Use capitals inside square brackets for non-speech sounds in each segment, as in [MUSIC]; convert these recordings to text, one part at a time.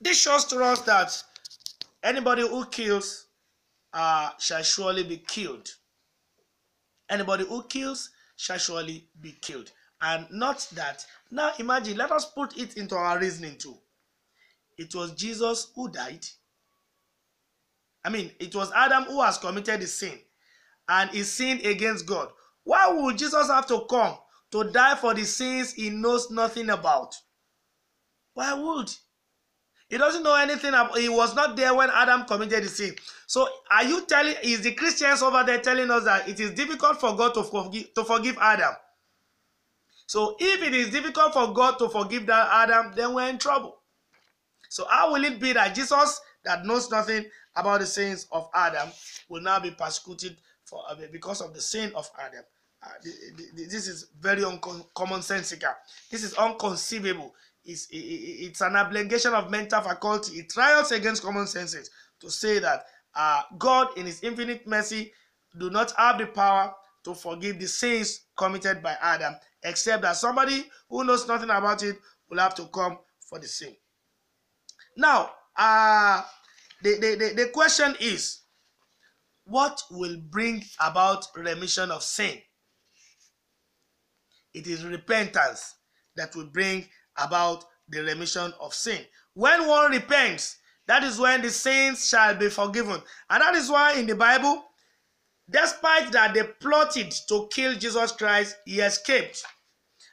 This shows to us that anybody who kills uh, shall surely be killed. Anybody who kills shall surely be killed. And not that. Now imagine, let us put it into our reasoning too. It was Jesus who died. I mean, it was Adam who has committed the sin and he sinned against God. Why would Jesus have to come to die for the sins he knows nothing about? Why would? He doesn't know anything. About, he was not there when Adam committed the sin. So are you telling, is the Christians over there telling us that it is difficult for God to forgive, to forgive Adam? So if it is difficult for God to forgive that Adam, then we're in trouble. So how will it be that Jesus, that knows nothing about the sins of Adam, will now be persecuted for, uh, because of the sin of Adam? Uh, this is very uncommon sensical. This is inconceivable it's an obligation of mental faculty. It trials against common senses to say that uh, God, in His infinite mercy, do not have the power to forgive the sins committed by Adam, except that somebody who knows nothing about it will have to come for the sin. Now, uh, the, the, the, the question is what will bring about remission of sin? It is repentance that will bring about the remission of sin. When one repents, that is when the sins shall be forgiven. And that is why in the Bible, despite that they plotted to kill Jesus Christ, he escaped.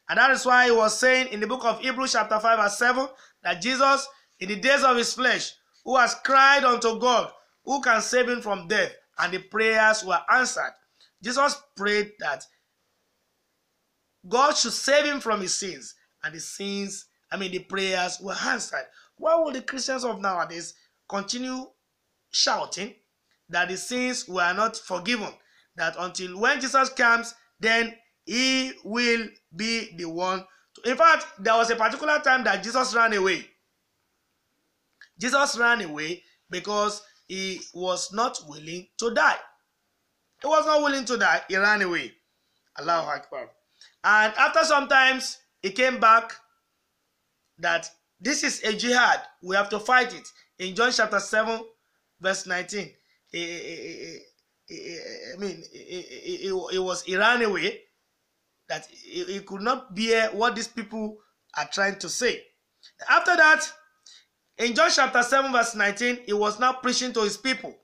And that is why he was saying in the book of Hebrews, chapter 5, verse 7, that Jesus, in the days of his flesh, who has cried unto God, who can save him from death, and the prayers were answered. Jesus prayed that God should save him from his sins and the sins, I mean, the prayers were answered. Why will the Christians of nowadays continue shouting that the sins were not forgiven? That until when Jesus comes, then he will be the one. To... In fact, there was a particular time that Jesus ran away. Jesus ran away because he was not willing to die. He was not willing to die. He ran away. Allahu Akbar. And after some times, He came back that this is a jihad. We have to fight it. In John chapter 7, verse 19, I mean, it was ran away that he could not bear what these people are trying to say. After that, in John chapter 7, verse 19, he was now preaching to his people.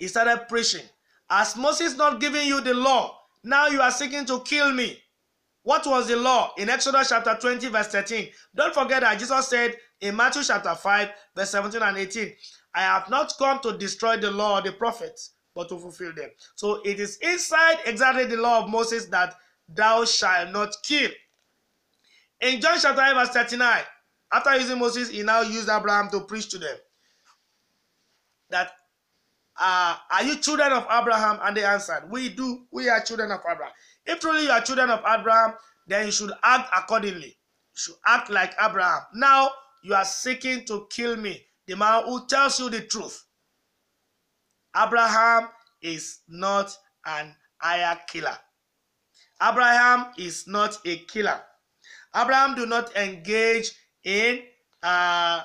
He started preaching. As Moses not giving you the law, now you are seeking to kill me. What was the law? In Exodus chapter 20, verse 13. Don't forget that Jesus said in Matthew chapter 5, verse 17 and 18, I have not come to destroy the law or the prophets, but to fulfill them. So it is inside exactly the law of Moses that thou shalt not kill. In John chapter 8, verse 39, after using Moses, he now used Abraham to preach to them that uh, are you children of Abraham? And they answered, We do, we are children of Abraham. If truly you are children of Abraham, then you should act accordingly. You should act like Abraham. Now you are seeking to kill me, the man who tells you the truth. Abraham is not an hire killer. Abraham is not a killer. Abraham do not engage in uh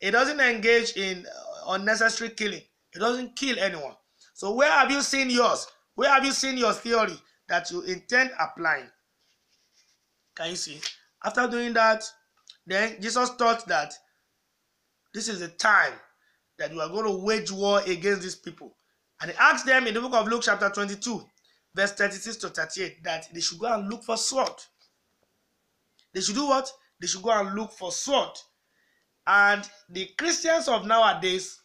he doesn't engage in uh, unnecessary killing. He doesn't kill anyone. So where have you seen yours? Where have you seen your theory? that you intend applying. Can you see? After doing that, then Jesus thought that this is the time that you are going to wage war against these people. And he asked them in the book of Luke, chapter 22, verse 36 to 38, that they should go and look for sword. They should do what? They should go and look for sword. And the Christians of nowadays,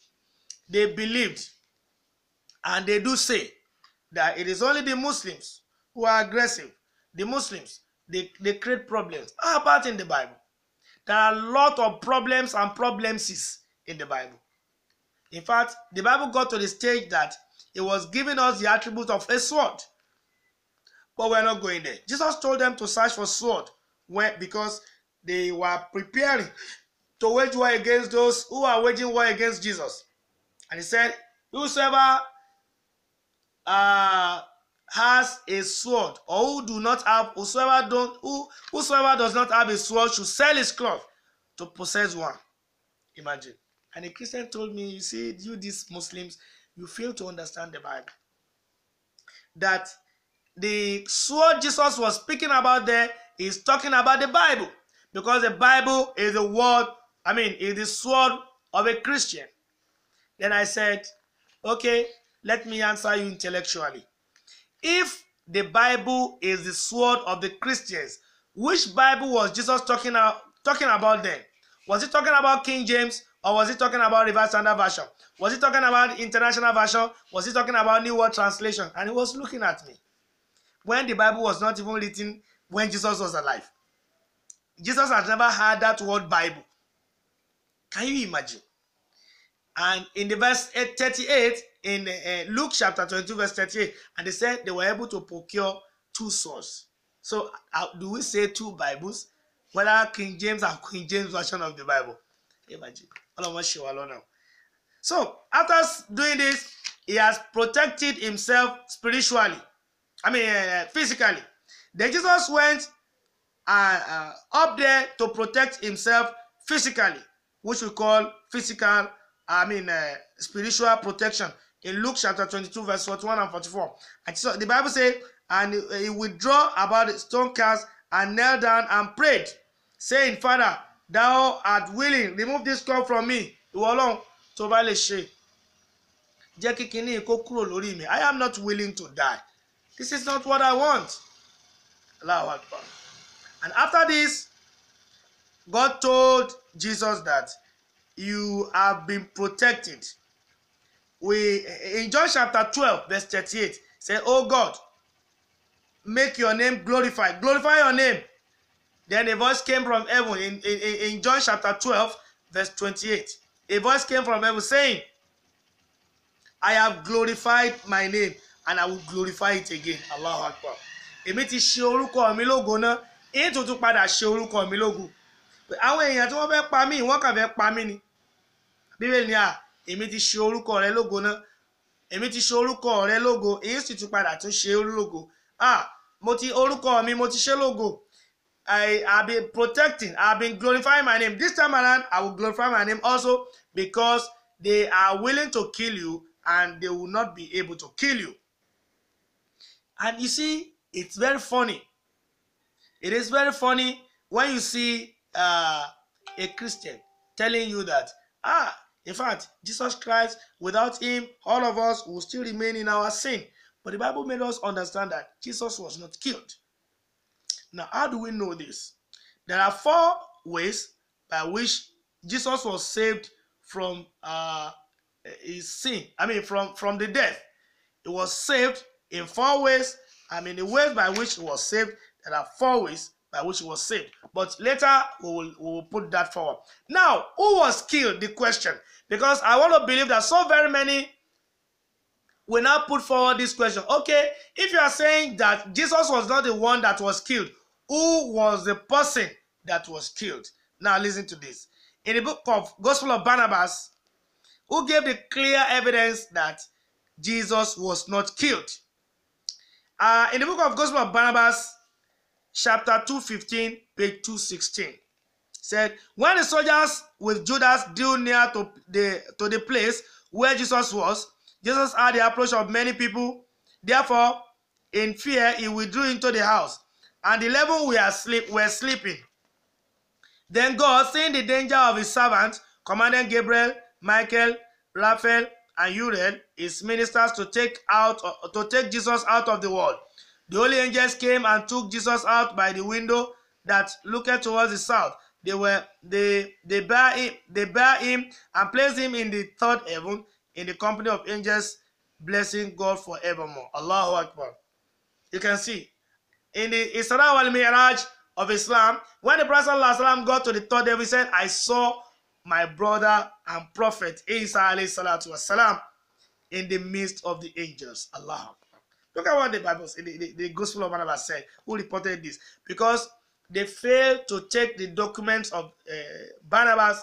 they believed and they do say that it is only the Muslims who are aggressive, the Muslims, they, they create problems. How about in the Bible? There are a lot of problems and problems in the Bible. In fact, the Bible got to the stage that it was giving us the attribute of a sword. But we're not going there. Jesus told them to search for sword when, because they were preparing to wage war against those who are waging war against Jesus. And he said, Whosoever uh, has a sword, or who do not have, whosoever don't, who, whosoever does not have a sword should sell his cloth to possess one. Imagine. And a Christian told me, you see, you these Muslims, you fail to understand the Bible. That the sword Jesus was speaking about there is talking about the Bible. Because the Bible is the word, I mean, is the sword of a Christian. Then I said, okay, let me answer you intellectually. If the Bible is the sword of the Christians, which Bible was Jesus talking about, talking about then? Was he talking about King James or was he talking about Revised Standard Version? Was he talking about International Version? Was he talking about New World Translation? And he was looking at me. When the Bible was not even written when Jesus was alive. Jesus had never heard that word Bible. Can you imagine? And in the verse 38, in uh, Luke chapter 22, verse 38, and they said they were able to procure two swords. So, uh, do we say two Bibles? Whether King James and Queen James version of the Bible? Imagine. So, after doing this, he has protected himself spiritually. I mean, uh, physically. Then Jesus went uh, uh, up there to protect himself physically, which we call physical I mean, uh, spiritual protection in Luke chapter 22, verse 41 and 44. And so the Bible says, And he withdrew about the stone cast and knelt down and prayed, saying, Father, thou art willing, remove this cup from me. Ìwọ Ọlọ́run tó bá lè ṣe. Jẹ́ kí kinní kó kúrò lórí mi. I am not willing to die. This is not what I want. And after this, God told Jesus that you have been protected we in john chapter twelve verse thirty-eight say oh god make your name glorified glorify your name then a voice came from heaven in in in john chapter twelve verse twenty-eight a voice came from heaven saying i have glorified my name and i will glorify it again Allah akbar èmi ti ṣe orúkọ mi lógo náà èyí tó tún padà ṣe orúkọ mi lógo àwọn èèyàn tí wọ́n fẹ́ pa mí wọ́n kàn fẹ́ pa mí ni bíbélì ni à èmi ti ṣe orúkọ rẹ lógo náà èmi ti ṣe orúkọ rẹ lógo èyí sì tún padà tún ṣe lógo ah mo ti orúkọ mi mo ti ṣe lógo I have been protecting I have been glorifying my name this time around I will glorify my name also because they are willing to kill you and they will not be able to kill you and you see it's very funny it is very funny when you see uh, a Christian telling you that ah In fact, Jesus Christ, without him, all of us will still remain in our sin. But the Bible made us understand that Jesus was not killed. Now, how do we know this? There are four ways by which Jesus was saved from uh, his sin. I mean, from, from the death. He was saved in four ways. I mean, the ways by which he was saved, there are four ways by which he was saved. But later we will, we will put that forward. Now, who was killed? The question. Because I want to believe that so very many will now put forward this question. Okay, if you are saying that Jesus was not the one that was killed, who was the person that was killed? Now, listen to this. In the book of Gospel of Barnabas, who gave the clear evidence that Jesus was not killed. Uh, in the book of Gospel of Barnabas, chapter 215, page 216 said, When the soldiers with Judas drew near to the, to the place where Jesus was, Jesus had the approach of many people. Therefore, in fear, he withdrew into the house, and the eleven were, sleep, were sleeping. Then God, seeing the danger of his servant, commanded Gabriel, Michael, Raphael, and Uriel, his ministers, to take out to take Jesus out of the world The holy angels came and took Jesus out by the window that looked towards the south. They were they they bear him they bear him and placed him in the third heaven in the company of angels, blessing God forevermore. Allahu Akbar. You can see in the Isra al Miraj of Islam, when the Prophet ﷺ got to the third heaven, he said, I saw my brother and prophet Isa والسلام, in the midst of the angels. Allah. Look at what the Bible said, the, the, the Gospel of Barnabas said, who reported this. Because they failed to take the documents of uh, Barnabas,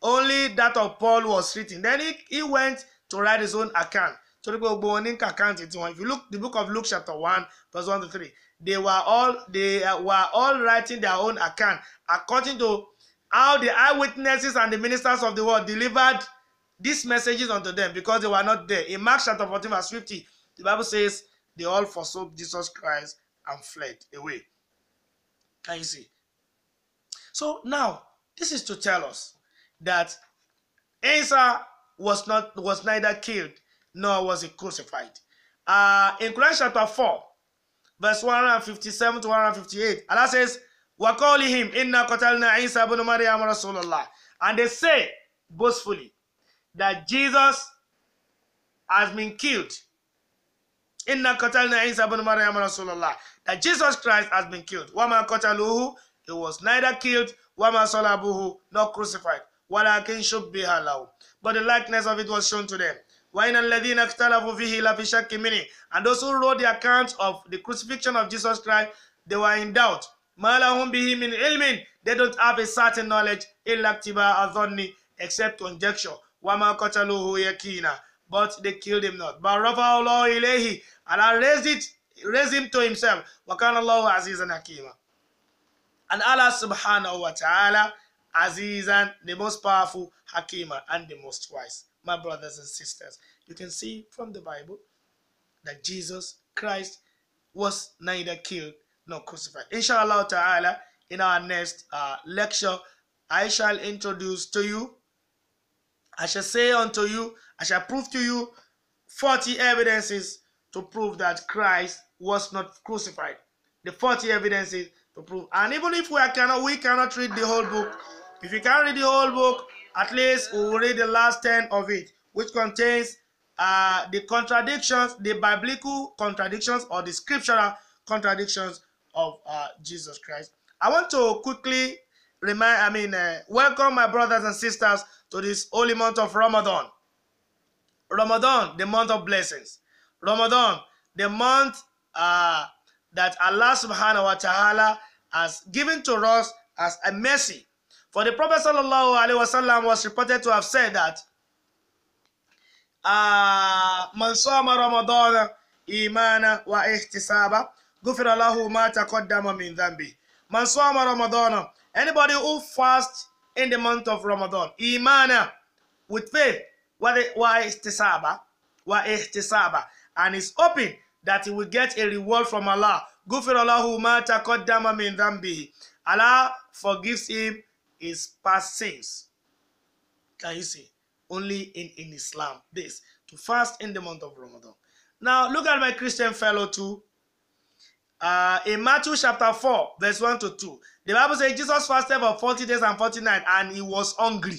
only that of Paul was written. Then he, he went to write his own account. torí the book of ní kàkáǹtì if you look the book of Luke chapter one verse one to three they were all they eh, were all writing their own account according to how the eyewitnesses and the ministers of the world delivered these messages unto them because they were not there in Mark chapter fourteen verse fifty The Bible says they all forsook Jesus Christ and fled away. Can you see? So now, this is to tell us that Asa was not was neither killed nor was he crucified. Uh, in Colossians chapter 4, verse 157 to 158, Allah says, "We calling him, inna قَتَلْنَا Isa بْنُ مَرْيَمَ رَسُولَ And they say boastfully that Jesus has been killed inna qatalna Isa ibn Maryam Rasulullah that Jesus Christ has been killed. Wama qataluhu, he was neither killed, wama salabuhu, nor crucified. Walakin shubbiha lahu. But the likeness of it was shown to them. وَإِنَ الَّذِينَ اخْتَلَفُوا فِيهِ لَفِي شَكٍّ مِّنْهِ And those who wrote the account of the crucifixion of Jesus Christ, they were in doubt. مَا لَهُمْ بِهِ مِنْ عِلْمٍ They don't have a certain knowledge إِلَّا اكْتِبَاءَ ظَنِّ except conjecture. وَمَا قَتَلُوهُ يَقِينًا but they killed him not. But Rafa'ullah and Allah raised it, raised him to himself. وَكَانَ Aziz an حَكِيمًا And Allah subhanahu wa ta'ala, Azizan, the most powerful, Hakima, and the most wise. My brothers and sisters, you can see from the Bible that Jesus Christ was neither killed nor crucified. Inshallah ta'ala, in our next uh, lecture, I shall introduce to you, I shall say unto you I shall prove to you 40 evidences to prove that Christ was not crucified. The 40 evidences to prove. And even if we cannot, we cannot read the whole book. If you can't read the whole book, at least we will read the last 10 of it, which contains uh, the contradictions, the biblical contradictions or the scriptural contradictions of uh, Jesus Christ. I want to quickly remind, I mean, uh, welcome my brothers and sisters to this holy month of Ramadan. Ramadan, the month of blessings. Ramadan, the month uh, that Allah subhanahu wa ta'ala has given to us as a mercy. For the Prophet sallallahu was reported to have said that من uh, Ramadan imana wa واحتسابا غفر له ما تقدم min ذنبه من صام رمضان anybody who fasts in the month of Ramadan imana with faith wa'ihtisaba and is hoping that he will get a reward from Allah. Gufirallahu ma taqaddama min dhanbihi. Allah forgives him his past sins. Can you see? Only in, in Islam, this to fast in the month of Ramadan. Now, look at my Christian fellow too. Uh, in Matthew chapter 4, verse 1 to 2, the Bible says Jesus fasted for 40 days and 40 nights and he was hungry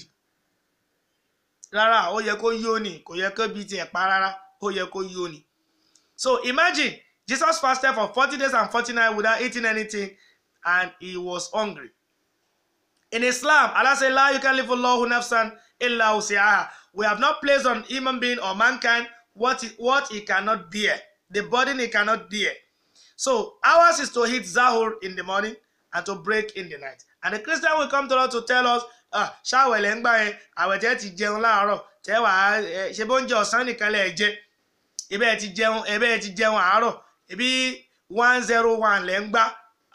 rárá ó yẹ kó yó ni kò yẹ kó bi tiẹ̀ pa rárá ó yẹ kó yó ni. so imagine Jesus fasted for forty days and forty nights without eating anything and he was hungry. In Islam, Allah say, La yukallifu Allahu nafsan illa usiaha. We have not placed on human being or mankind what he, what he cannot bear, the burden he cannot bear. So ours is to hit zahur in the morning and to break in the night and the Christian will come to us to tell us ah, ṣáwẹ̀lẹ̀ ń gbà yẹn àwẹ̀ tẹ́ ti jẹun láàárọ̀ tẹ́ wàá ṣe bó ń jẹ ọ̀sán nìkan lẹ̀ jẹ ibẹ̀ ti jẹun ibẹ̀ ti jẹun àárọ̀ ibi one zero one lẹ́ ń gbà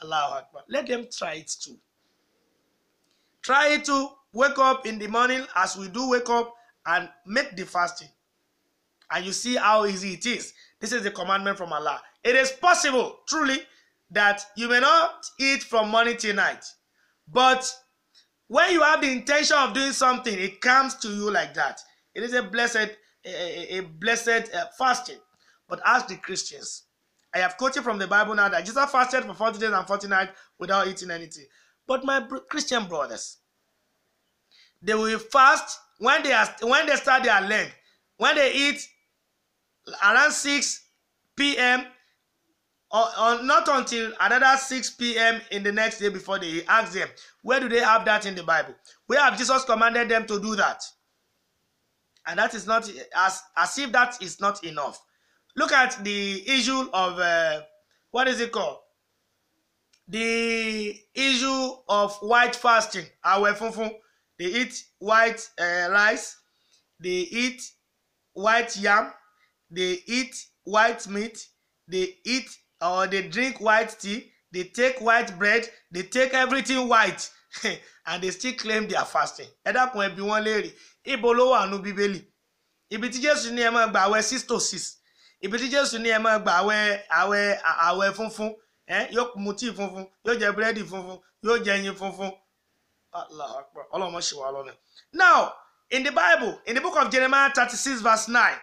Allahu Akbar let them try it too try it too wake up in the morning as we do wake up and make the fasting and you see how easy it is this is the commandment from Allah it is possible truly that you may not eat from morning till night But when you have the intention of doing something, it comes to you like that. It is a blessed, a, a blessed uh, fasting. But ask the Christians. I have quoted from the Bible now that Jesus fasted for 40 days and 40 nights without eating anything. But my Christian brothers, they will fast when they are when they start their length. When they eat around 6 p.m uh, not until another 6 p.m. in the next day before they he them, Where do they have that in the Bible? Where have Jesus commanded them to do that? And that is not as as if that is not enough. Look at the issue of uh, what is it called? The issue of white fasting. Our funfun, they eat white uh, rice, they eat white yam, they eat white meat, they eat or they drink white tea they take white bread they take everything white [LAUGHS] and they still claim they are fasting At that point, bi wọ́n léèrè ibo ló wà bibeli. bíbélì ibi tí jésù ní ẹ máa gbà àwẹ̀ six to just ibi tí jésù ní ẹ máa gbà àwẹ̀ àwẹ̀ àwẹ̀ funfun ẹ yóò mu tíì funfun yóò jẹ búrẹ́dì funfun yóò jẹ ẹyin funfun ọlọmọ ṣì wà now in the bible in the book of jeremiah 36 verse 9,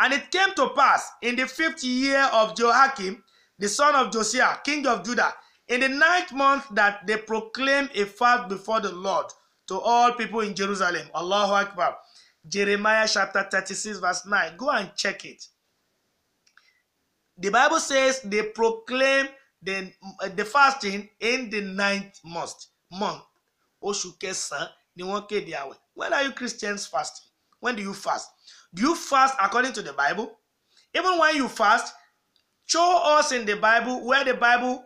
and it came to pass in the fifth year of Joachim the son of Josiah, king of Judah, in the ninth month that they proclaimed a fast before the Lord to all people in Jerusalem. Allahu Akbar. Jeremiah chapter 36, verse 9. Go and check it. The Bible says they proclaim the, uh, the fasting in the ninth month. month. Oṣù kẹsàn-án When are you Christians fasting? When do you fast? Do you fast according to the Bible? Even when you fast, Show us in the Bible where the Bible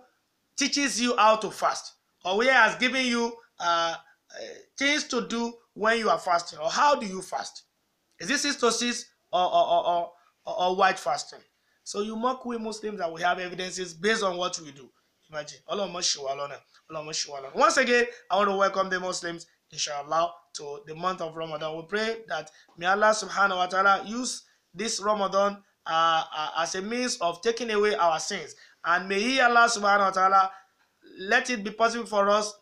teaches you how to fast or where has given you uh, uh, things to do when you are fasting or how do you fast? Is this six or, or, or, or, or, or white fasting? So you mock we Muslims that we have evidences based on what we do. Imagine. Once again, I want to welcome the Muslims, inshallah, to the month of Ramadan. We pray that may Allah subhanahu wa ta'ala use this Ramadan Uh, uh, as a means of taking away our sins. And may He, Allah subhanahu wa ta'ala, let it be possible for us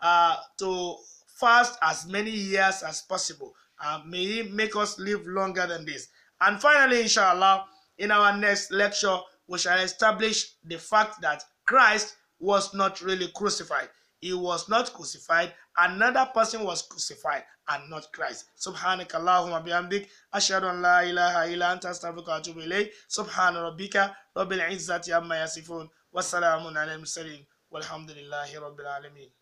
uh, to fast as many years as possible. Uh, may He make us live longer than this. And finally, inshallah, in our next lecture, we shall establish the fact that Christ was not really crucified. He was not crucified. Another person was crucified and not Christ. سبحانك اللهم بحمدك أشهد أن لا إله إلا أنت أستغفرك وأتوب إليك سبحان ربك رب العزة عما يصفون وسلام على المرسلين والحمد لله رب العالمين